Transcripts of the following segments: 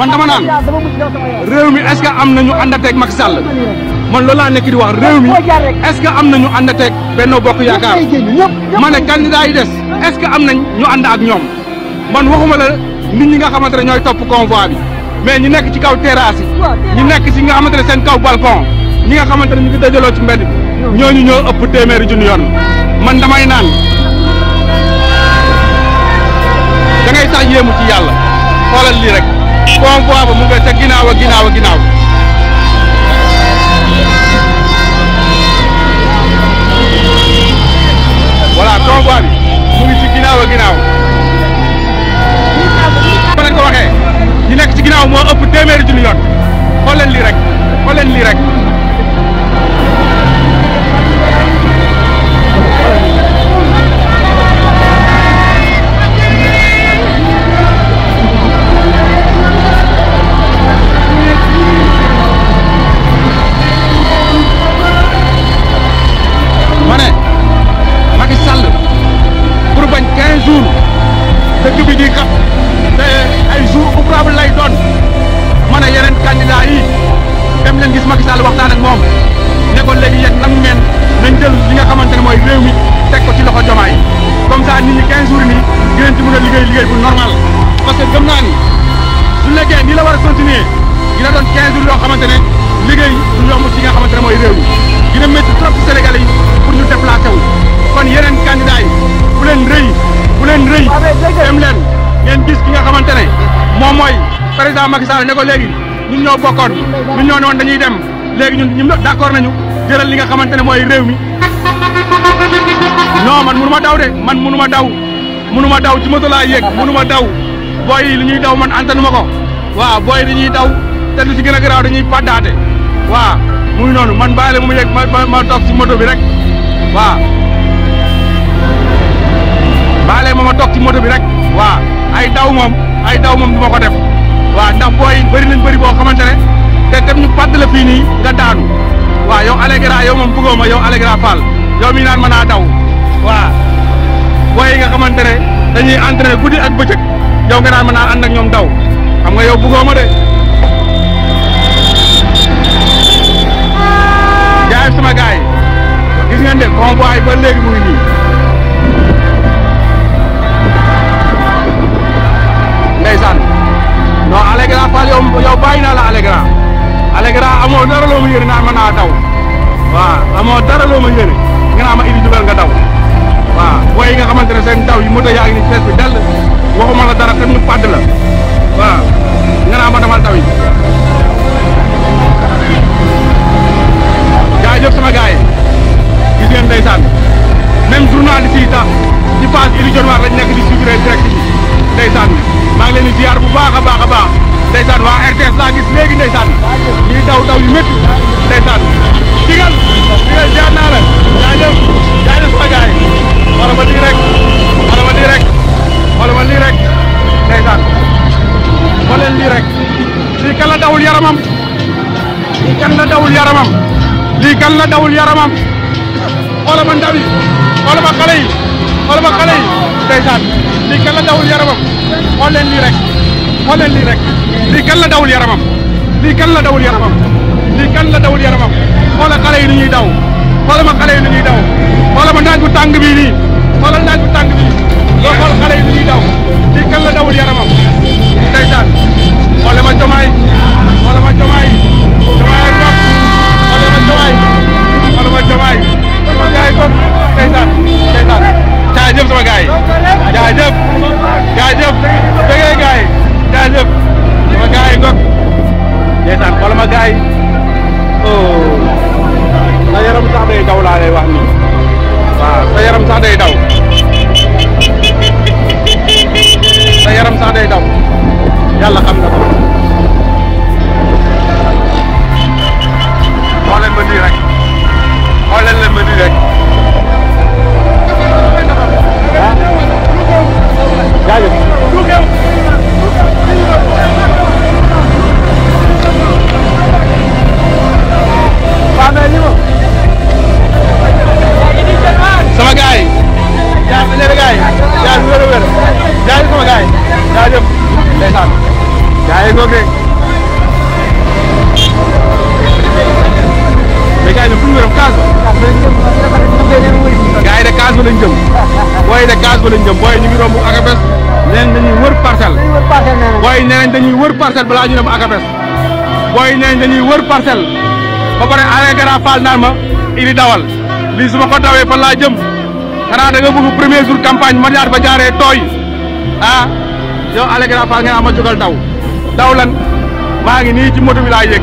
man dama nan rew mi est ce que ñu andate ak mak Sall man loolu laa nekk di wax rew mi est ce que ñu andate ak Benno Bokk yaakar mané candidat yi dess est ce que ñu and ak ñom man waxuma la nit ñi nga xamantene ñoy top convoi bi mais ñi nek ci kaw terrasse ñi nek ci nga xamantene sen kaw balcon ñi nga xamantene ñu ngi dajaloo ci mbedd ñu ñoo ëpp téeméeri junni yoon man damay naan da ngay tax yému ci yalla xolal li rek vamos ba vamos nga ca ginnaaw a ginnaaw a ginnaaw dem gis Macky Sall waxtaan ak moom ne ko léegi yegg nangu ngeen nañ jël li nga xamante ne mooy réew mi teg ko ci loxo jomaay comme ça nit ñi 15 jours nii dinañ ci mën a liggéey liggéey bu normal parce que gëm naa ni su nekkee nii la a continuer dina doon 15 jours yoo xamante ne liggéey du yomb ci nga xamante ne mooy réew mi dina métti kon Sénégalais yi pour ñu déplacé wu kon yeneen candidat yi bu leen rëy bu leen rëy ah, dem gis ki nga xamante ne moom mooy président Macky Sall ne ko léegi ñun ñoo bokkoon ñun ñoo newoon dañuy dem léegi ñun ñun d' accord nañu jëlal li nga xamante ne mooy réew mi non man mënuma daw de man mënuma daw mënuma daw ci moto laa yéeg mënuma daw boy yi li ñuy daw man antanuma ko waaw boy yi dañuy daw te lu ci gën a garaaw dañuy paddaate waaw noonu man bàyyi mu yéeg ma ma toog si moto bi rek waaw bàyyi ma ma toog ci moto bi rek waaw ay daw moom ay daw moom du ma ko def waaw ndax booy yi bëri nañ bëri boo xamante ne te tam ñu pàdd la fii nii nga daanu waaw yow Allegra yow moom bëggoo ma yow Allegra Fall yow mi naan mën naa daw waaw booy yi nga xamante dañuy entraîné guddi ak bëccëg yow nga naan mën naa ànd ñoom daw xam nga yow bëggoo ma de. jaay sama gars yi gis ngeen de convoi ba léegi mu ngi nii. ndeysaan amoo dara loo ma yéene naan mën naa daw waaw amoo dara loo ma yéene nga naa ma indi dugal nga daw waaw booy yi nga xamante ne sen daw yi moto yaa ngi ni fees bi dell waxuma la dara te mu padd la waaw nga naa ma damal daw yaramam lii kan la dawul yaramam lii kan la dawul yaramam xoolal ma ndaw yi xoolal ma xale yi xoolal ma xale yi ndeysaan lii kan la dawul yaramam xool leen lii rek xool leen lii rek lii kan la dawul yaramam lii kan la dawul yaramam lii kan la dawul yaramam xoolal xale yi ni ñuy daw xoolal ma xale yi ni ñuy daw xoolal ma naaj bu tàng bii nii xoolal naaj bu tàng bii loo xool xale yi ni ñuy daw lii kan la dawul yaramam ndeysaan xoolal ma gars yi oh sa yaram sax day daw laa lay wax yaram sax day daw sa sax day daw yàlla xam na ko. neen dañuy wër parcelle. dañuy wër parcelle nee nañ. booy neen dañuy wër parcelle balaa ñu booy neen dañuy wër parcelle. ba pare Gara Fall naan ma ili dawal lii su ma ko dawee fan laa jëm xanaa da nga premier jour campagne ma jaar ba jaaree tooy ah yow Alain Gara Fall nga ama jógal daw daw lan maa ngi nii ci moto bi laa yëg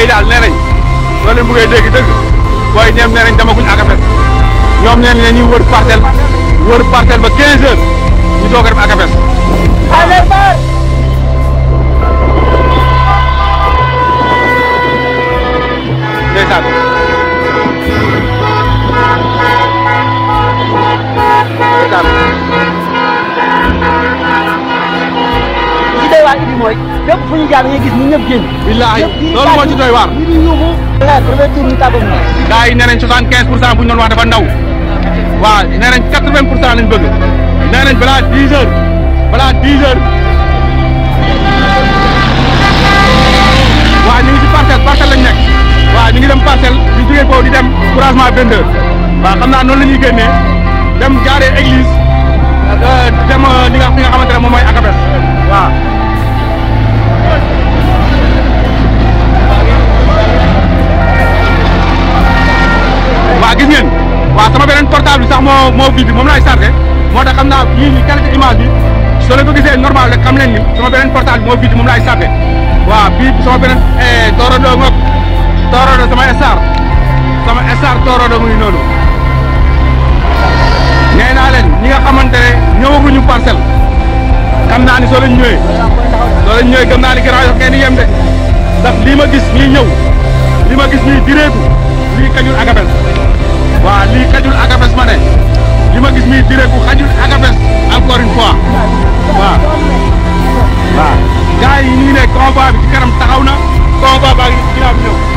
yi daal nee nañ soo leen bëggee dégg dëgg waaye ñoom nee nañ demaguñ akafes ñoom nee nañ ñu wër partel wër partel ba 15 heures ñu doog a dem akafes ndeysaan ndeysaan li day waa idi mooy lépp fu ñu jaar nga gis ñu ñëpp génn. billaahi loolu moo ci doy waar. ñu ngi yóbbu. voilà premier tour ñu yi nee nañ soixante quinze pour cent bu ñu doon dafa ndaw waaw nee nañ quatre vingt pour cent lañ bëgg nee nañ balaa dix heures balaa dix heures. waaw ñu ngi ci parcelle parcelle lañ nekk ñu ngi dem parcelle ñu jógee foofu di dem croisement 22 waaw xam naa noonu la ñuy génnee dem jaaree église. moo moo bi moom laay chargé moo tax xam naa yii ñu quelques images yi soo leen ko gisee normal rek xam leen ni sama beneen portable moo bii bi moom laay chargé waaw bii sama beneen eh, toorandoo ngoog toorandoo sama star sama star toorandoo muy noonu nee naa leen ñi nga xamante ne ñëwaguñu parcelle xam naa ni soo leen ñëwee soo leen ñëwee gëm naa ni yem de ndax lii ma gis nii ñëw lii ma gis nii direeku lii kañul agabes waaw lii kañul agabes ma ne li ma gis muy diré ku xajul ak a bes encore une fois waaw waaw gars yi ñu ngi ne combat bi ci kanam taxaw na combat baa ngi ginnaaw ñëw